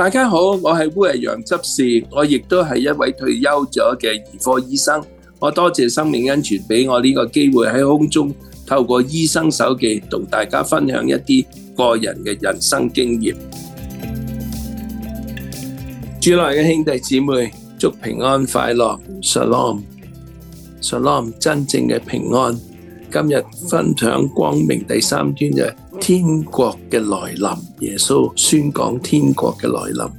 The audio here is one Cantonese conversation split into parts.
大家好，我係烏羊執事，我亦都係一位退休咗嘅兒科醫生。我多謝生命恩泉俾我呢個機會喺空中透過醫生手記同大家分享一啲個人嘅人生經驗。主內嘅兄弟姊妹，祝平安快樂，Shalom，Shalom，真正嘅平安。今日分享光明第三端嘅。天國嘅來臨，耶穌宣講天國嘅來臨，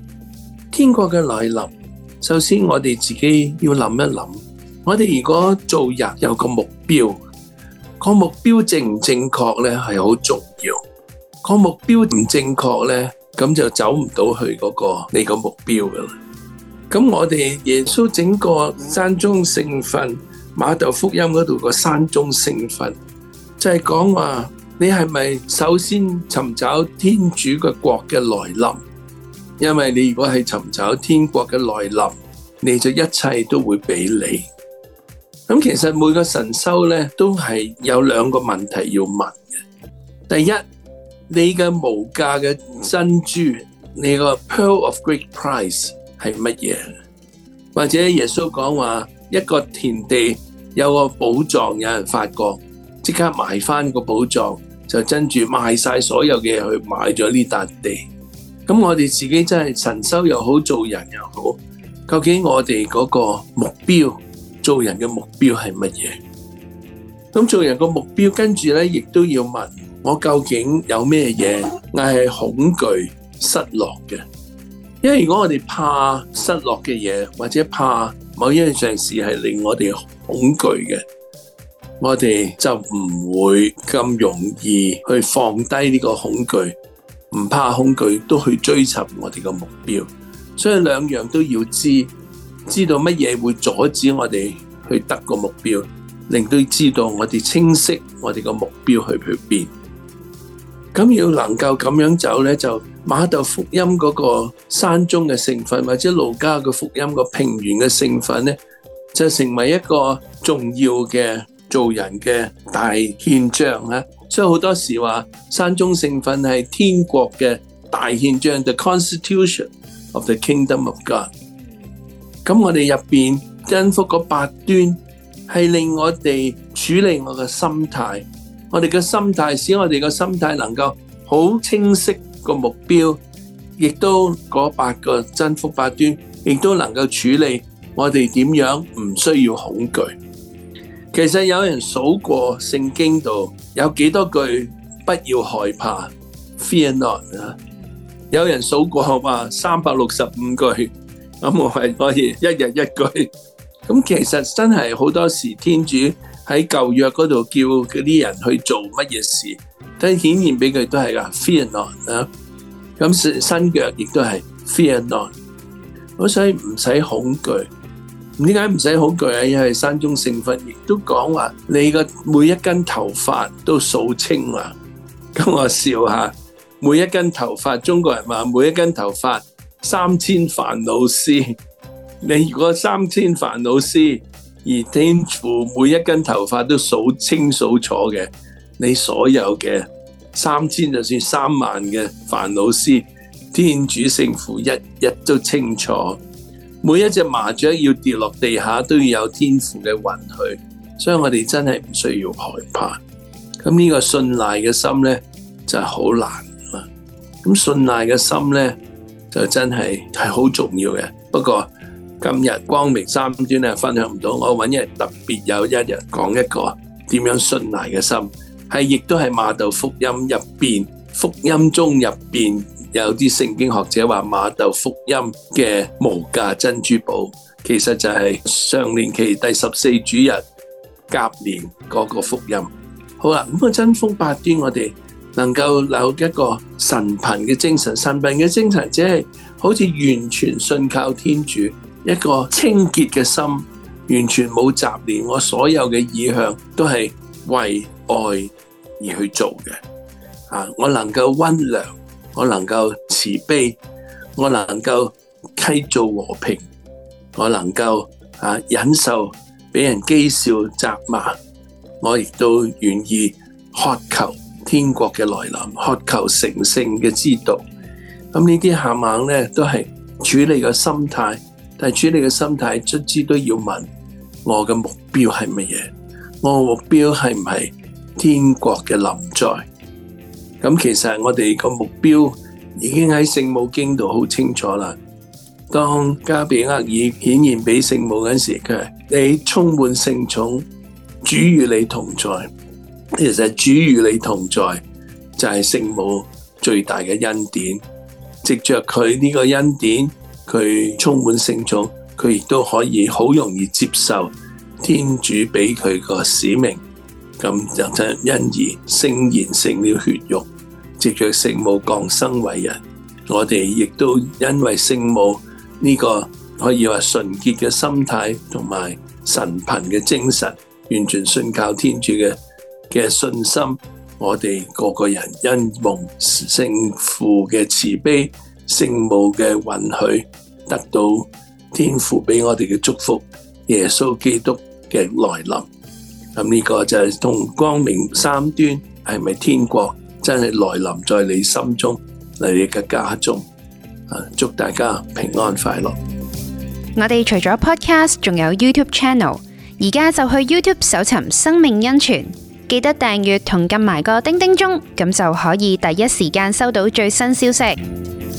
天國嘅來臨。首先，我哋自己要諗一諗，我哋如果做人有個目標，個目標正唔正確咧？係好重要。個目標唔正確咧，咁就走唔到去嗰個你個目標噶啦。咁我哋耶穌整個山中聖訓、馬竇福音嗰度個山中聖訓，就係講話。你係咪首先尋找天主嘅國嘅來臨？因為你如果係尋找天國嘅來臨，你就一切都會俾你。咁其實每個神修呢都係有兩個問題要問嘅。第一，你嘅無價嘅珍珠，你個 Pearl of Great Price 係乜嘢？或者耶穌講話一個田地有個寶藏，有人發覺即刻埋翻個寶藏。就真住賣晒所有嘅嘢去買咗呢笪地。咁我哋自己真係神修又好，做人又好，究竟我哋嗰個目標，做人嘅目標係乜嘢？咁做人個目標，跟住咧亦都要問，我究竟有咩嘢係恐懼、失落嘅？因為如果我哋怕失落嘅嘢，或者怕某一樣上事係令我哋恐懼嘅。我哋就唔會咁容易去放低呢個恐懼，唔怕恐懼都去追尋我哋個目標，所以兩樣都要知，知道乜嘢會阻止我哋去得個目標，令到知道我哋清晰我哋個目標去去邊。咁要能夠咁樣走咧，就馬竇福音嗰個山中嘅聖訓，或者路加嘅福音個平原嘅聖訓咧，就成為一個重要嘅。做人嘅大憲章咧，所以好多時話山中聖訓係天國嘅大憲章，the constitution of the kingdom of God。咁我哋入邊真福嗰八端，係令我哋處理我嘅心態，我哋嘅心態使我哋嘅心態能夠好清晰個目標，亦都嗰八個真福八端，亦都能夠處理我哋點樣唔需要恐懼。其實有人數過聖經度有幾多句不要害怕，Fear not 啊！有人數過話三百六十五句，咁我係可以一日一句。咁其實真係好多時，天主喺舊約嗰度叫嗰啲人去做乜嘢事，都顯現俾佢都係噶，Fear not 啊！咁新約亦都係 Fear not，所以唔使恐懼。點解唔使好攰啊，因為山中聖訓亦都講話你個每一根頭髮都數清啊！咁我笑下，每一根頭髮，中國人話每一根頭髮三千煩惱絲，你如果三千煩惱絲而天父每一根頭髮都數清數楚楚嘅，你所有嘅三千就算三萬嘅煩惱絲，天主聖父一一都清楚。每一隻麻雀要跌落地下都要有天父嘅允許，所以我哋真係唔需要害怕。咁呢個信賴嘅心呢，就係、是、好難啊！咁信賴嘅心呢，就真係係好重要嘅。不過今日光明三端分享唔到，我搵一日特別有一日講一個點樣信賴嘅心，係亦都係馬竇福音入邊福音中入邊。有啲聖經學者話馬竇福音嘅無價珍珠寶，其實就係常年期第十四主日甲年嗰個福音。好啦，咁啊，真福八端，我哋能夠有一個神貧嘅精神，神貧嘅精神即係好似完全信靠天主，一個清潔嘅心，完全冇雜念，我所有嘅意向都係為愛而去做嘅。啊，我能夠溫良。我能夠慈悲，我能夠締造和平，我能夠啊忍受畀人譏笑責罵，我亦都願意渴求天國嘅來臨，渴求成聖嘅知道。咁呢啲下硬呢，都係處理嘅心態，但係處理嘅心態卒之都要問我嘅目標係乜嘢？我嘅目標係唔係天國嘅臨在？咁其實我哋個目標已經喺聖母經度好清楚啦。當加俾厄爾顯現俾聖母嗰陣時，佢，你充滿聖寵，主與你同在。其實主與你同在就係聖母最大嘅恩典。藉著佢呢個恩典，佢充滿聖寵，佢亦都可以好容易接受天主俾佢個使命。咁就真因而聖言成了血肉，藉着聖母降生為人。我哋亦都因為聖母呢個可以話純潔嘅心態同埋神貧嘅精神，完全信靠天主嘅嘅信心，我哋個個人因蒙聖父嘅慈悲、聖母嘅允許，得到天父俾我哋嘅祝福，耶穌基督嘅來臨。咁呢個就係同光明三端係咪天國真係來臨在你心中，嚟你嘅家中啊！祝大家平安快樂。我哋除咗 podcast，仲有 YouTube channel，而家就去 YouTube 搜尋生命恩泉，記得訂閱同撳埋個叮叮鐘，咁就可以第一時間收到最新消息。